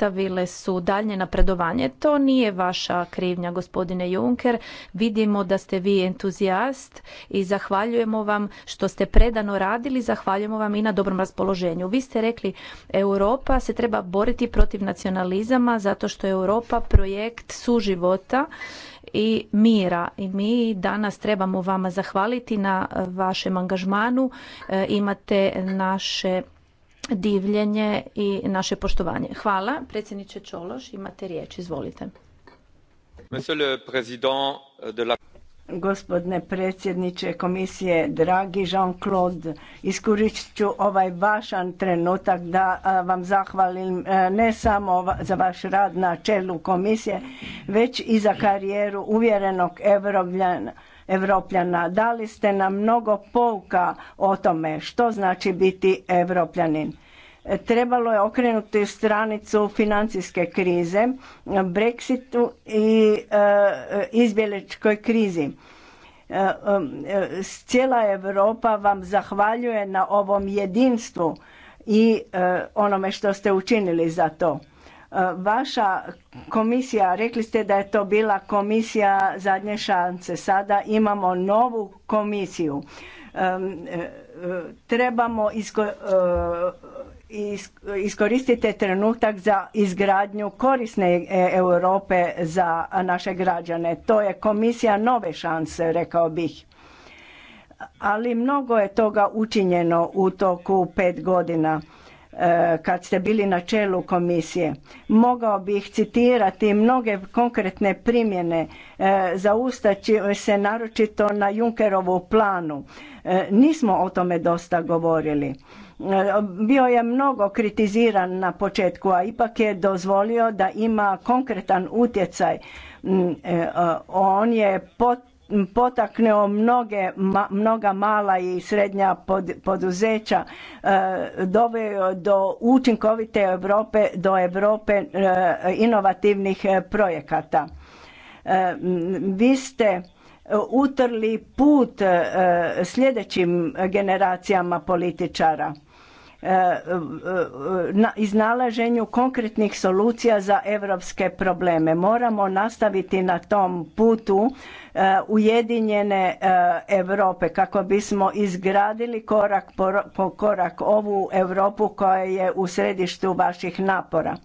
zaustavile su daljnje napredovanje. To nije vaša krivnja, gospodine Juncker. Vidimo da ste vi entuzijast i zahvaljujemo vam što ste predano radili, zahvaljujemo vam i na dobrom raspoloženju. Vi ste rekli Europa se treba boriti protiv nacionalizama zato što je Europa projekt suživota i mira. I mi danas trebamo vama zahvaliti na vašem angažmanu. E, imate naše divljenje i naše poštovanje. Hvala. Predsjedniče Čološ, imate riječ. Izvolite. Gospodine predsjedniče komisije, dragi Jean-Claude, iskoristit ću ovaj vašan trenutak da vam zahvalim ne samo za vaš rad na čelu komisije, već i za karijeru uvjerenog evropljana. Evropljana. Dali ste nam mnogo pouka o tome što znači biti evropljanin trebalo je okrenuti stranicu financijske krize, Brexitu i e, izbjeličkoj krizi. E, e, cijela Europa vam zahvaljuje na ovom jedinstvu i onome što ste učinili za to. Vaša komisija, rekli ste da je to bila komisija zadnje šance. Sada imamo novu komisiju. Trebamo iskoristite trenutak za izgradnju korisne e, Europe za naše građane. To je komisija nove šanse, rekao bih. Ali mnogo je toga učinjeno u toku pet godina e, kad ste bili na čelu komisije. Mogao bih citirati mnoge konkretne primjene, e, zaustaći se naročito na Junkerovu planu E, nismo o tome dosta govorili. E, bio je mnogo kritiziran na početku, a ipak je dozvolio da ima konkretan utjecaj. Mm, e, on je pot potaknuo mnoge, mnoga mala i srednja poduzeća, e, doveo do učinkovite Europe, do Europe inovativnih projekata. vi ste utrli put e, sljedećim generacijama političara e, e, na iznalaženju konkretnih solucija za europske probleme. Moramo nastaviti na tom putu ujedinjene Europe kako bismo izgradili korak po korak ovu Europu koja je u središtu vaših napora.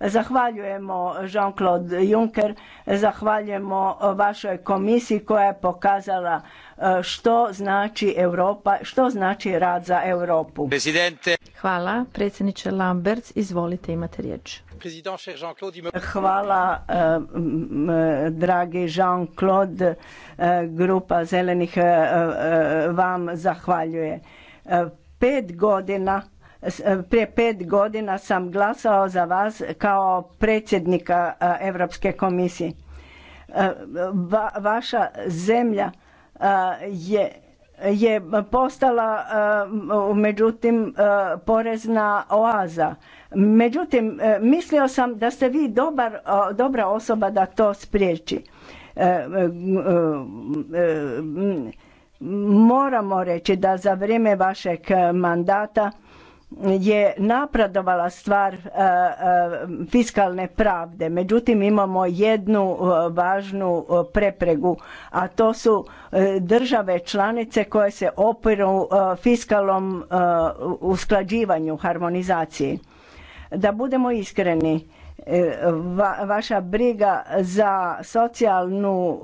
Zahvaljujemo Jean-Claude Juncker, zahvaljujemo vašoj komisiji koja je pokazala e, što znači Europa, što znači rad za Europu. Hvala, predsjedniče Lambert, izvolite imate riječ. Hvala, e, e, dragi Jean-Claude, grupa zelenih vam zahvaljuje. Pet godina E, prije pet godina sam glasao za vas kao predsjednika e, Europske komisije. E, vaša zemlja je postala međutim porezna oaza. Međutim, mislio sam da ste vi dobra osoba da to spriječi. Moramo reći da za vrijeme vašeg mandata je napredovala stvar e, e, fiskalne pravde. Međutim, imamo jednu e, važnu prepregu, a to su države članice koje se opiru fiskalnom usklađivanju, harmonizaciji. Da budemo iskreni, E, vaša briga za socijalnu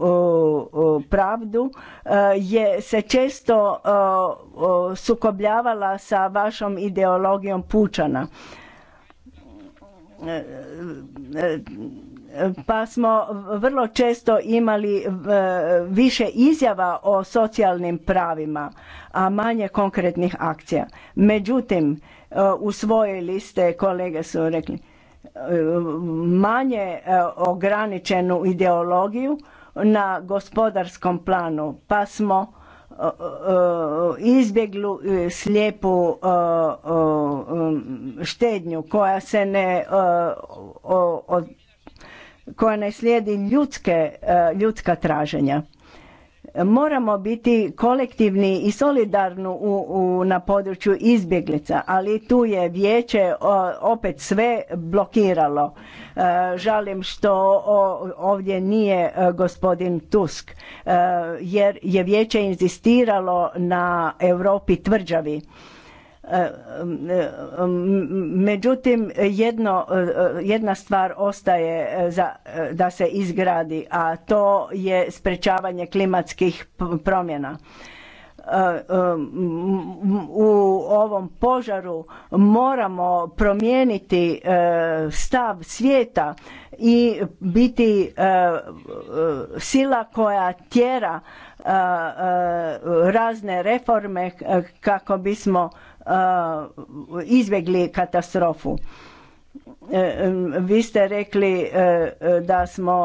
pravdu e, je se često e, sukobljavala sa vašom ideologijom pučana pa smo vrlo često imali više izjava o socijalnim pravima, a manje konkretnih akcija. Međutim, u usvojili liste kolege su rekli, manje e, ograničenu ideologiju na gospodarskom planu pa smo e, e, izbjegli slijepu štednju koja se ne koja ne slijedi ljudske, ljudska traženja Moramo biti kolektivni i solidarni u, na području izbjeglica, ali tu je vijeće opet sve blokiralo. E, žalim što ovdje nije e, gospodin Tusk, e, jer je vijeće inzistiralo na Europi tvrđavi. Međutim, jedno, jedna stvar ostaje za, da se izgradi, a to je sprečavanje klimatskih promjena. Eh, eh, u ovom požaru moramo promijeniti eh, stav svijeta i biti sila koja tjera razne reforme kako bismo izbjegli katastrofu. E, vi ste rekli e, e, da smo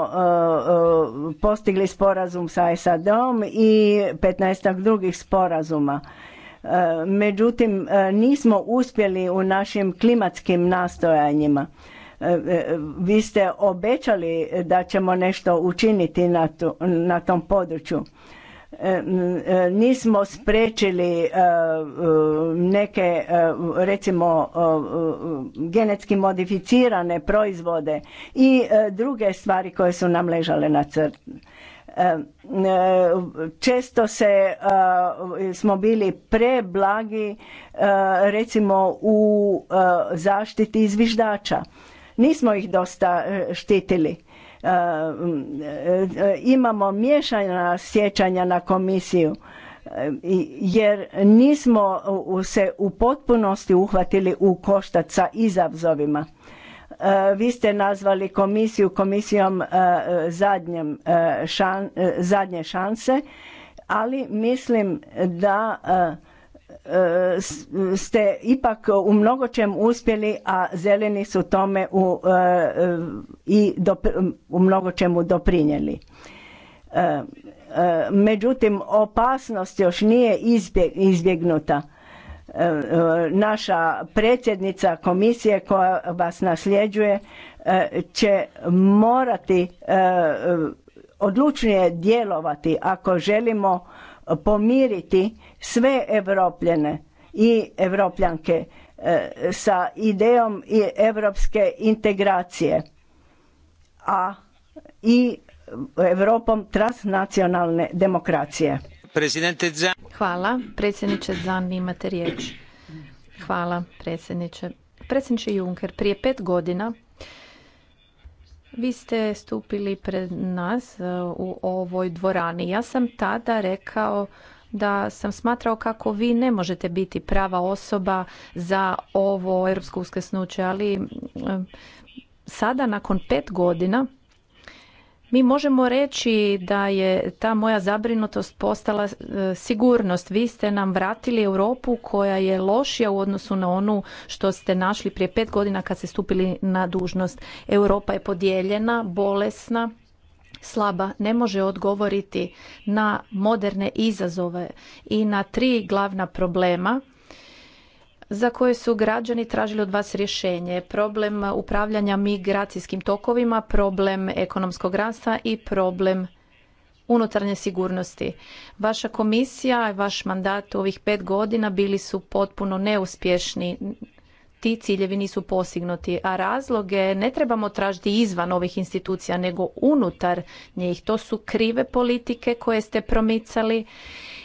postigli sporazum sa SAD-om i 15 drugih sporazuma. Međutim, nismo uspjeli u našim klimatskim nastojanjima. Vi ste obećali da ćemo nešto učiniti na tom području nismo sprečili neke recimo genetski modificirane proizvode i druge stvari koje su nam ležale na crt. Često se smo bili preblagi recimo u zaštiti zviždača. Nismo ih dosta štitili E, e, imamo miješanja sjećanja na komisiju e, jer nismo se u potpunosti uhvatili u koštac sa izazovima. Vi ste nazvali komisiju komisijom zadnje šanse, ali mislim da E, ste ipak u čemu uspjeli, a zeleni su tome u, e, e, i u čemu doprinijeli. Međutim, opasnost još nije izbjegnuta. Naša predsjednica komisije koja vas nasljeđuje će morati odlučnije djelovati ako želimo pomiriti sve Evropljene i Evropljanke e, sa idejom evropske integracije, a i Europom transnacionalne demokracije. Hvala. Predsjedniče Zan, imate riječ. Hvala, predsjedniče. Predsjedniče Juncker, prije pet godina vi ste stupili pred nas e, u ovoj dvorani. Ja sam tada rekao da sam smatrao kako vi ne možete biti prava osoba za ovo europsko uskrsnuće, ali e, sada nakon pet godina mi možemo reći da je ta moja zabrinutost postala e, sigurnost. Vi ste nam vratili Europu koja je lošija u odnosu na onu što ste našli prije pet godina kad ste stupili na dužnost. Europa je podijeljena, bolesna, slaba ne može odgovoriti na moderne izazove i na tri glavna problema za koje su građani tražili od vas rješenje. Problem upravljanja migracijskim tokovima, problem ekonomskog rasta i problem unutarnje sigurnosti. Vaša komisija i vaš mandat u ovih pet godina bili su potpuno neuspješni ti ciljevi nisu postignuti, a razloge ne trebamo tražiti izvan ovih institucija nego unutar njih. To su krive politike koje ste promicali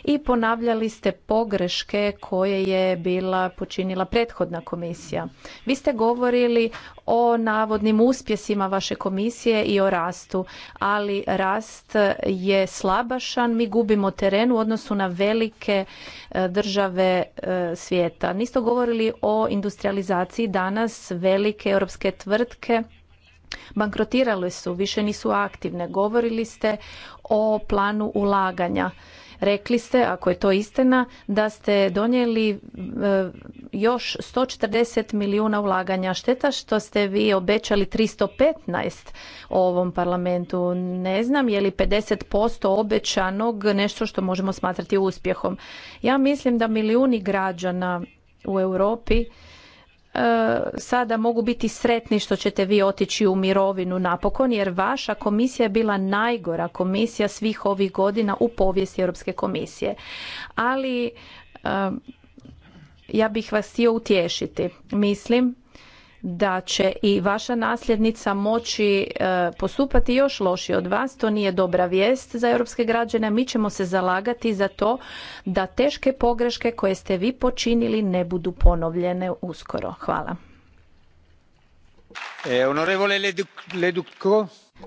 i ponavljali ste pogreške koje je bila počinila prethodna komisija. Vi ste govorili o navodnim uspjesima vaše komisije i o rastu, ali rast je slabašan, mi gubimo teren u odnosu na velike e, države e, svijeta. Niste govorili o industrializaciji danas velike europske tvrtke bankrotirale su, više nisu aktivne. Govorili ste o planu ulaganja. Rekli ste, ako je to istina, da ste donijeli e, još 140 milijuna ulaganja. Šteta što ste vi obećali 315 ovom parlamentu. Ne znam je li 50% obećanog nešto što možemo smatrati uspjehom. Ja mislim da milijuni građana u Europi E, sada mogu biti sretni što ćete vi otići u mirovinu napokon jer vaša komisija je bila najgora komisija svih ovih godina u povijesti Europske komisije. Ali e, ja bih vas htio utješiti. Mislim da će i vaša nasljednica moći e, postupati još lošije od vas. To nije dobra vijest za europske građane. Mi ćemo se zalagati za to da teške pogreške koje ste vi počinili ne budu ponovljene uskoro. Hvala. E, onorevole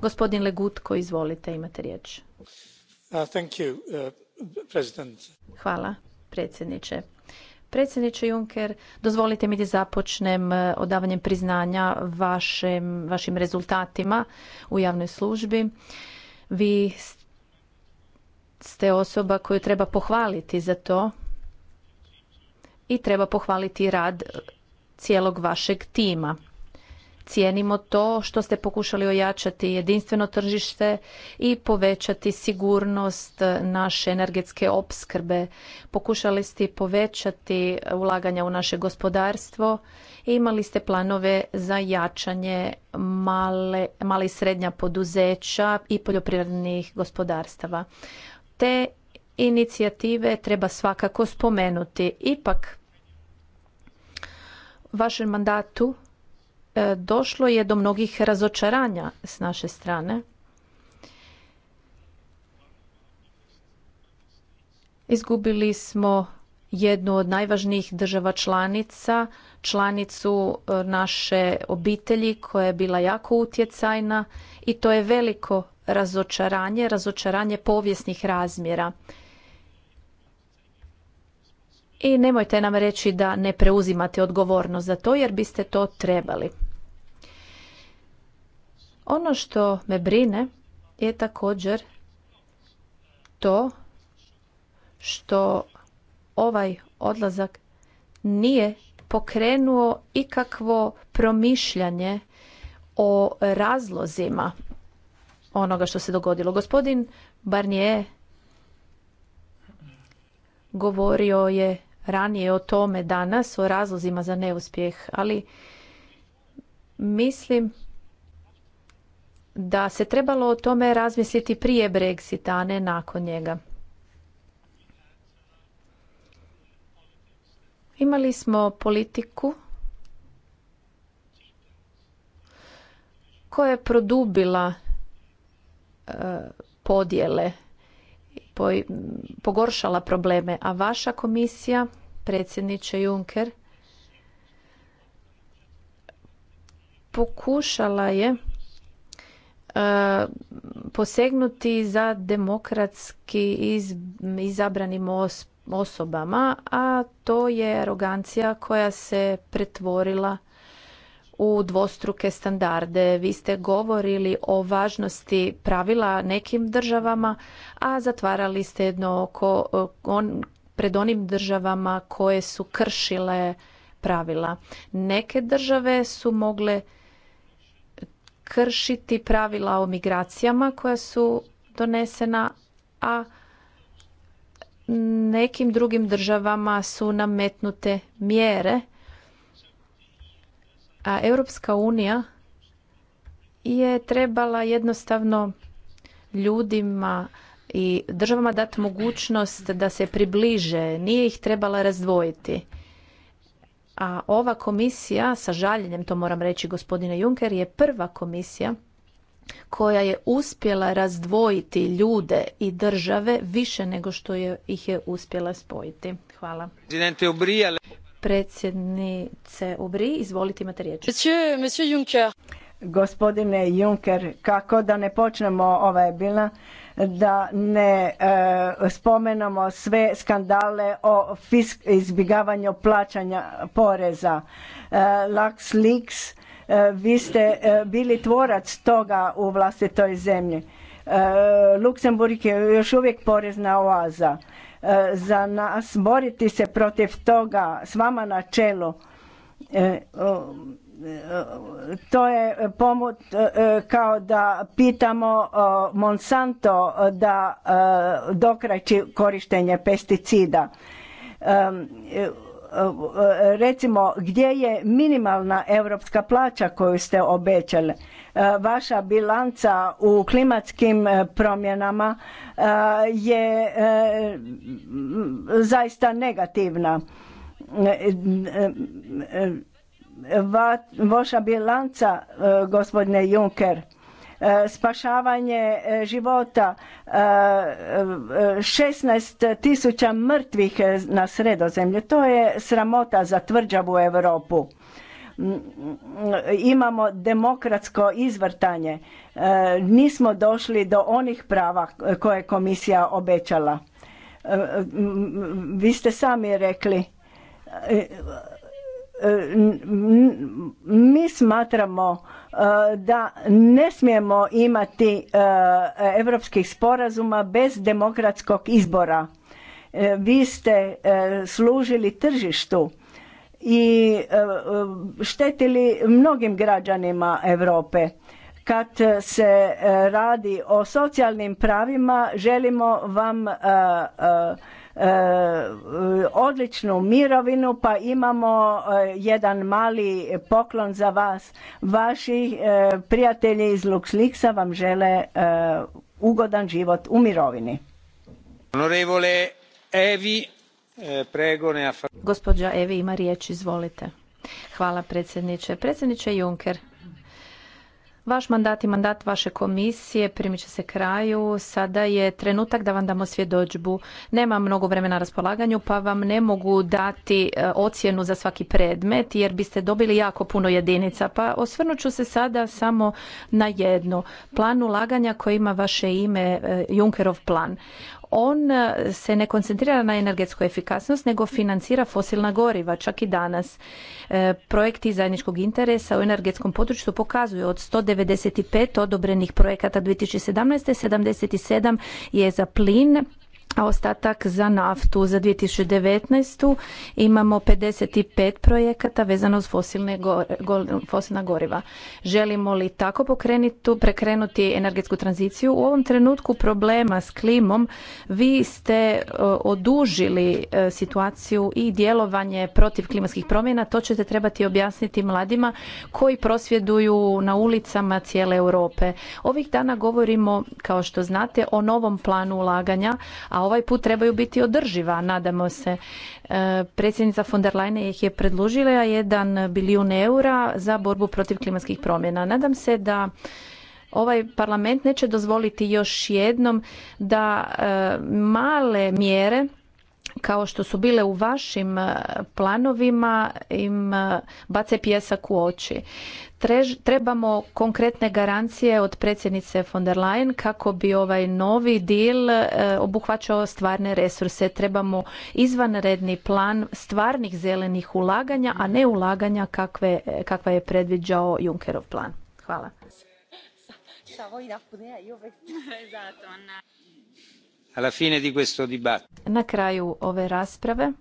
Gospodin Legutko, izvolite, imate riječ. Uh, uh, Hvala, predsjedniče. Predsjedniče Juncker, dozvolite mi da započnem e, odavanjem priznanja vašim, vašim rezultatima u javnoj službi. Vi ste osoba koju treba pohvaliti za to i treba pohvaliti rad e, cijelog vašeg tima. Cijenimo to što ste pokušali ojačati jedinstveno tržište i povećati sigurnost naše energetske opskrbe. Pokušali ste povećati ulaganja u naše gospodarstvo i imali ste planove za jačanje male, i srednja poduzeća i poljoprivrednih gospodarstava. Te inicijative treba svakako spomenuti. Ipak, vašem mandatu E, došlo je do mnogih razočaranja s naše strane. Izgubili smo jednu od najvažnijih država članica, članicu e, naše obitelji koja je bila jako utjecajna i to je veliko razočaranje, razočaranje povijesnih razmjera. I nemojte nam reći da ne preuzimate odgovornost za to jer biste to trebali. Ono što me brine je također to što ovaj odlazak nije pokrenuo ikakvo promišljanje o razlozima onoga što se dogodilo. Gospodin Barnier govorio je ranije o tome danas, o razlozima za neuspjeh, ali mislim da se trebalo o tome razmisliti prije Brexita, a ne nakon njega. Imali smo politiku koja je produbila e, podjele, pogoršala probleme, a vaša komisija, predsjedniče Juncker, pokušala je E, posegnuti za demokratski izabranim osobama, a to je arogancija koja se pretvorila u dvostruke standarde. Vi ste govorili o važnosti pravila nekim državama, a zatvarali ste jedno oko pred onim državama koje su kršile pravila. Neke države su mogle kršiti pravila o migracijama koja su donesena, a nekim drugim državama su nametnute mjere. A Europska unija je trebala jednostavno ljudima i državama dati mogućnost da se približe, nije ih trebala razdvojiti. A ova komisija, sa žaljenjem to moram reći gospodine Juncker, je prva komisija koja je uspjela razdvojiti ljude i države više nego što je, ih je uspjela spojiti. Hvala. Predsjednice Ubri, izvolite imate riječ. Monsieur, Gospodine Juncker, kako da ne počnemo je bila da ne e, spomenemo sve skandale o izbjegavanju plaćanja poreza. E, LuxLeaks, e, vi ste bili tvorac toga u vlastitoj zemlji. Luksemburg je još uvijek porezna oaza. Za nas boriti se protiv toga s vama na čelu to je pomoć e, kao da pitamo e, Monsanto da e, dokraći korištenje pesticida. Recimo, gdje je minimalna europska plaća koju ste obećali? Vaša bilanca u klimatskim promjenama je zaista negativna vaša bilanca e, gospodine Juncker e, spašavanje e, života 16 tisuća mrtvih na sredozemlju to je sramota za tvrđavu Europu imamo demokratsko izvrtanje nismo došli do onih prava koje je komisija obećala vi ste sami rekli E, mi smatramo e, da ne smijemo imati europskih sporazuma bez demokratskog izbora. E, vi ste služili tržištu i štetili mnogim građanima Europe. Kad se radi o socijalnim pravima želimo vam E, odličnu mirovinu pa imamo e, jedan mali poklon za vas. Vaši e, prijatelji iz LuxLeaksa vam žele ugodan život u mirovini. Onorevole Evi, Gospođa Evi ima riječ, izvolite. Hvala predsjedniče. Predsjedniče Juncker, Vaš mandat i mandat vaše komisije primit će se kraju. Sada je trenutak da vam damo svjedođbu. Nema mnogo vremena na raspolaganju pa vam ne mogu dati e, ocjenu za svaki predmet jer biste dobili jako puno jedinica. Pa osvrnut ću se sada samo na jedno. Plan ulaganja koji ima vaše ime e, Junkerov plan on e, se ne koncentrira na energetsku efikasnost nego financira fosilna goriva čak i danas. E, projekti zajedničkog interesa u energetskom području pokazuju od 195 odobrenih projekata 2017. 77 je za plin, a ostatak za naftu. Za 2019. imamo 55 projekata vezano uz fosilna goriva. Želimo li tako pokrenuti, prekrenuti energetsku tranziciju? U ovom trenutku problema s klimom vi ste e, odužili e, situaciju i djelovanje protiv klimatskih promjena. To ćete trebati objasniti mladima koji prosvjeduju na ulicama cijele Europe. Ovih dana govorimo, kao što znate, o novom planu ulaganja, a ovaj put trebaju biti održiva, nadamo se. E, predsjednica von der Leyen ih je predložila jedan bilijun eura za borbu protiv klimatskih promjena. Nadam se da ovaj parlament neće dozvoliti još jednom da e, male mjere kao što su bile u vašim planovima im bace pjesak u oči. trebamo konkretne garancije od predsjednice von der Leyen kako bi ovaj novi dil obuhvaćao stvarne resurse. Trebamo izvanredni plan stvarnih zelenih ulaganja, a ne ulaganja kakve, kakva je predviđao Junckerov plan. Hvala alla fine di questo dibattito. Na kraju ove rasprave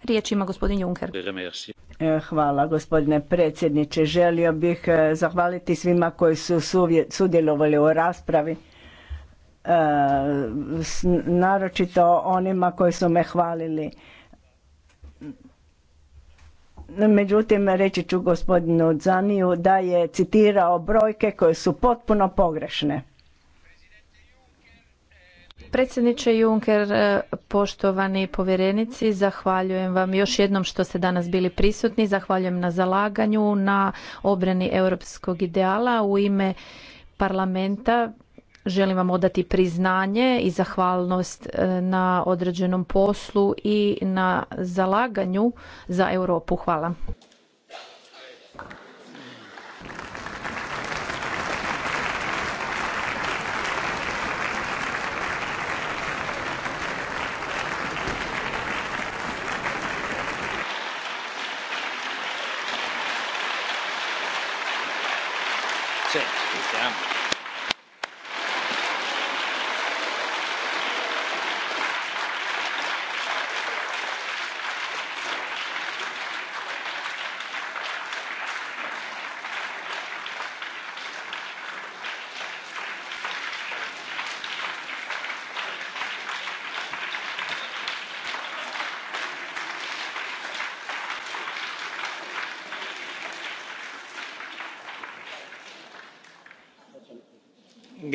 Riječ ima gospodin Juncker. E, hvala gospodine predsjedniče. Želio bih e, zahvaliti svima koji su sudjelovali u raspravi. E, naročito onima koji su me hvalili. Međutim, reći ću gospodinu Zaniju da je citirao brojke koje su potpuno pogrešne. Predsjedniče Juncker, e, poštovani povjerenici, zahvaljujem vam još jednom što ste danas bili prisutni, zahvaljujem na zalaganju, na obrani europskog ideala u ime parlamenta. Želim vam odati priznanje i zahvalnost e, na određenom poslu i na zalaganju za Europu. Hvala.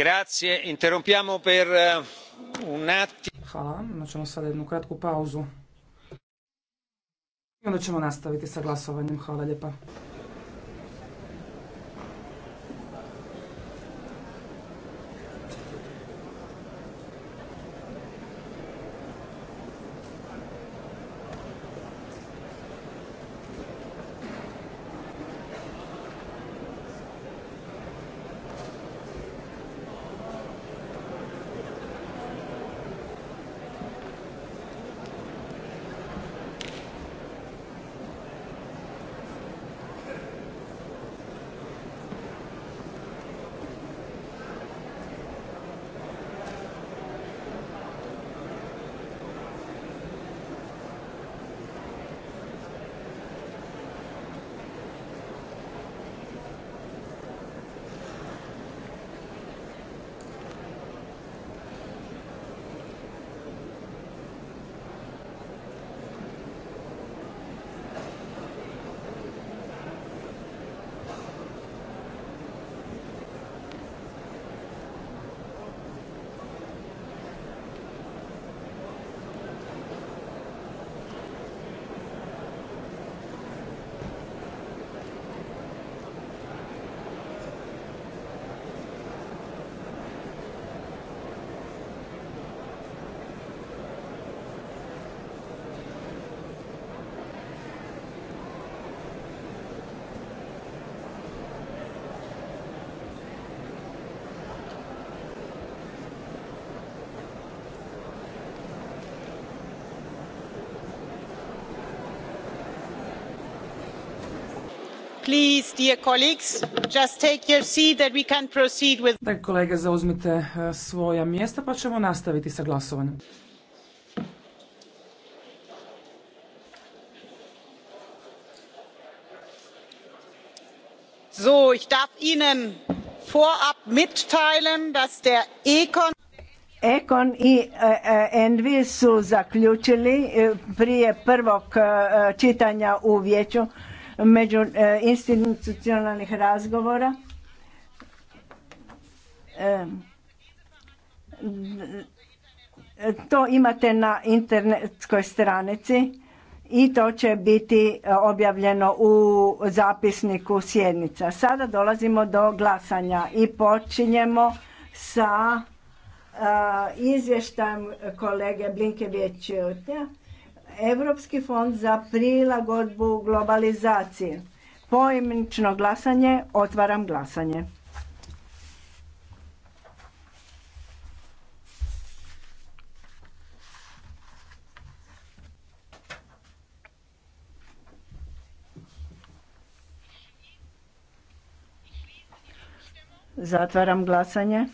Grazie. Interrompiamo per eh, Hvala vam. Imat ćemo sada jednu kratku pauzu. I onda ćemo nastaviti sa glasovanjem. Hvala lijepa. Please, dear colleagues, just take your seat that we can proceed with... Da kolege zauzmite e, svoja mjesta pa ćemo nastaviti sa glasovanjem. So, ich darf Ihnen vorab mitteilen, dass der Econ Ekon i e, e, Envi su zaključili prije prvog čitanja u vijeću među e, institucionalnih razgovora e, to imate na internetskoj stranici i to će biti e, objavljeno u zapisniku sjednica. Sada dolazimo do glasanja i počinjemo sa izvještajem kolege Blinke Europski fond za prilagodbu globalizacije. Pojemnično glasanje, otvaram glasanje. Zatvaram glasanje.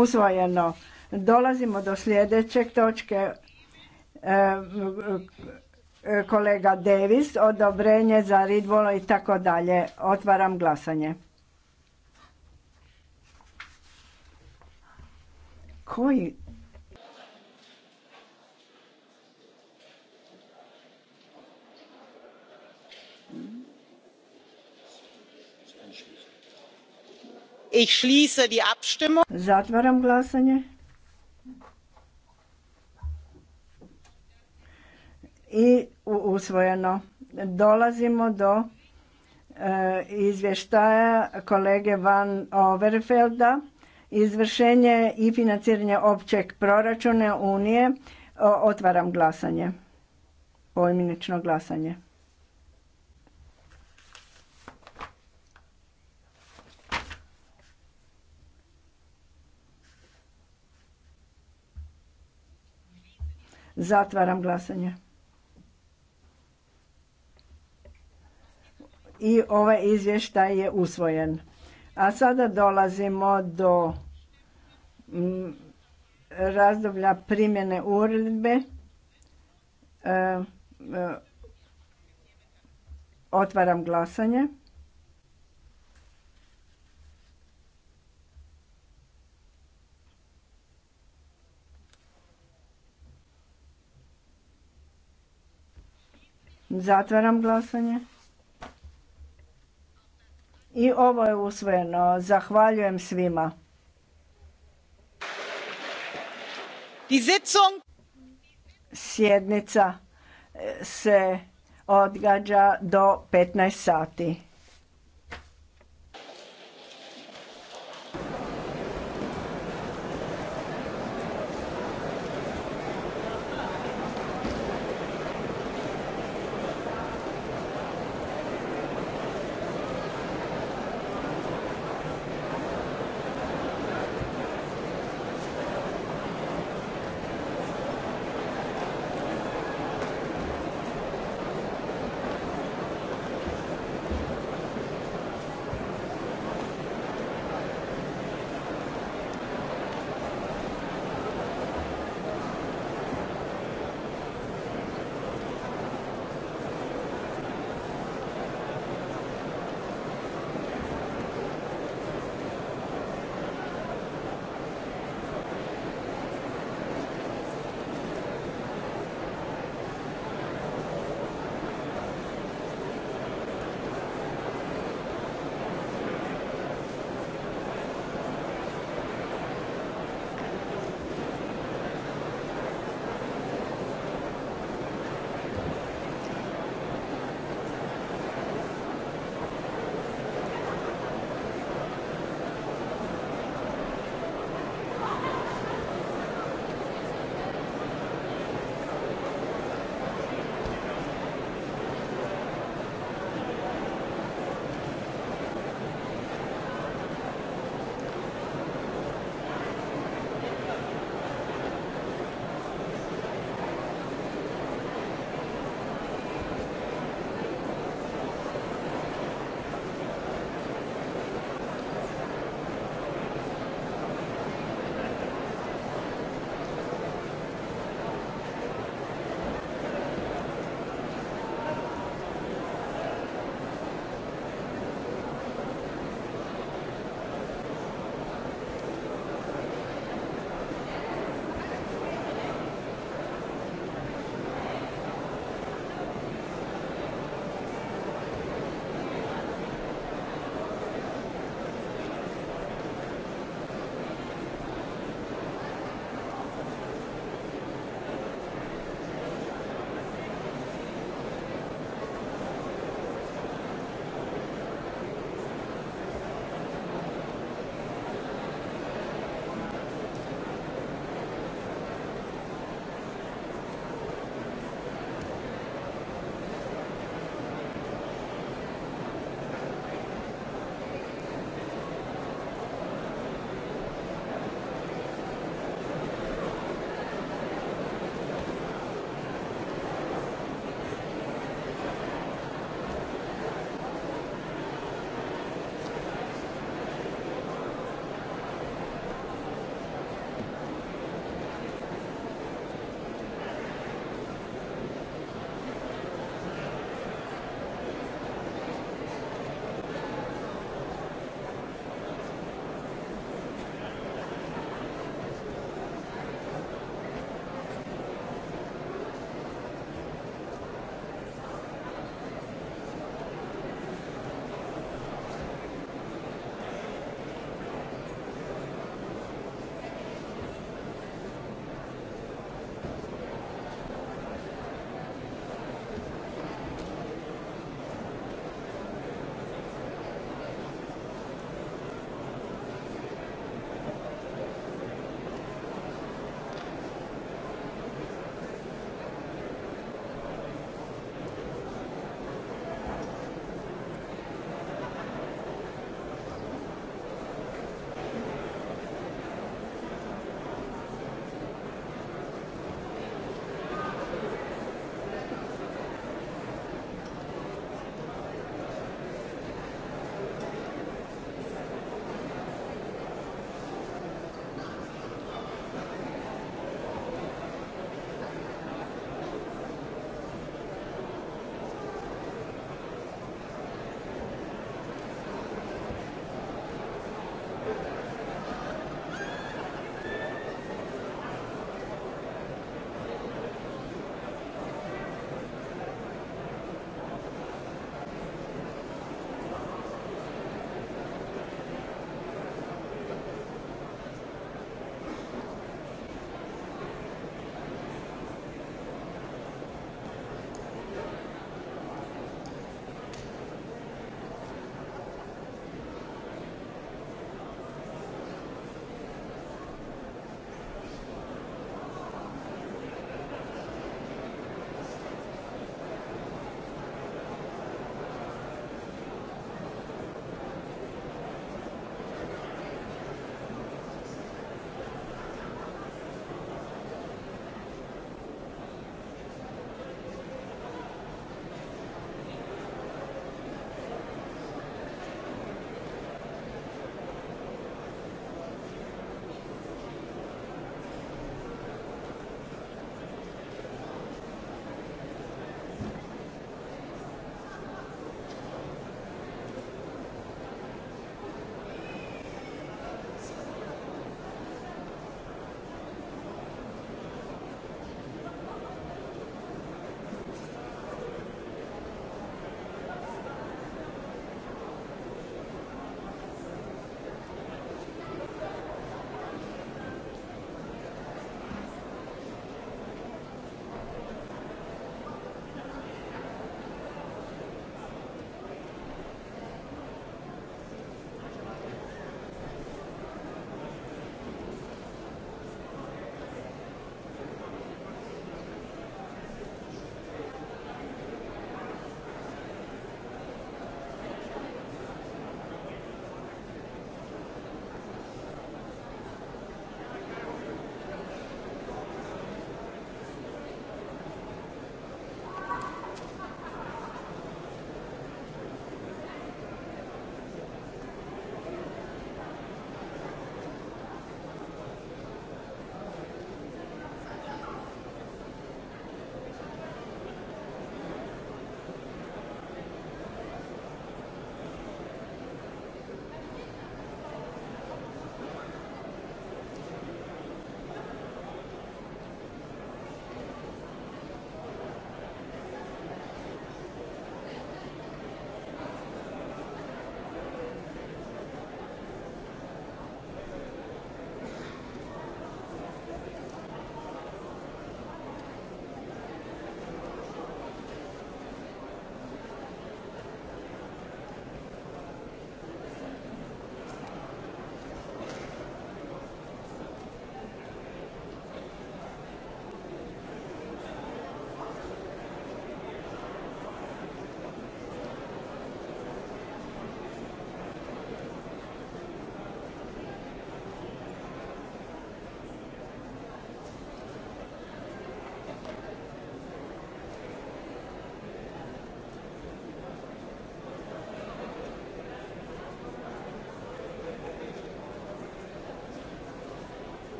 usvojeno. Dolazimo do sljedećeg točke. E, kolega Davis, odobrenje za ridvolo i tako dalje. Otvaram glasanje. Koji Ich schließe Zatvaram glasanje. I usvojeno. Dolazimo do eh, izvještaja kolege Van Overfelda. Izvršenje i financiranje općeg proračuna Unije. Otvaram glasanje. Pojminično glasanje. Zatvaram glasanje. I ovaj izvještaj je usvojen. A sada dolazimo do mm, razdoblja primjene uredbe. E, e, otvaram glasanje. Zatvaram glasanje. I ovo je usvojeno. Zahvaljujem svima. Sjednica eh, se odgađa do 15 sati.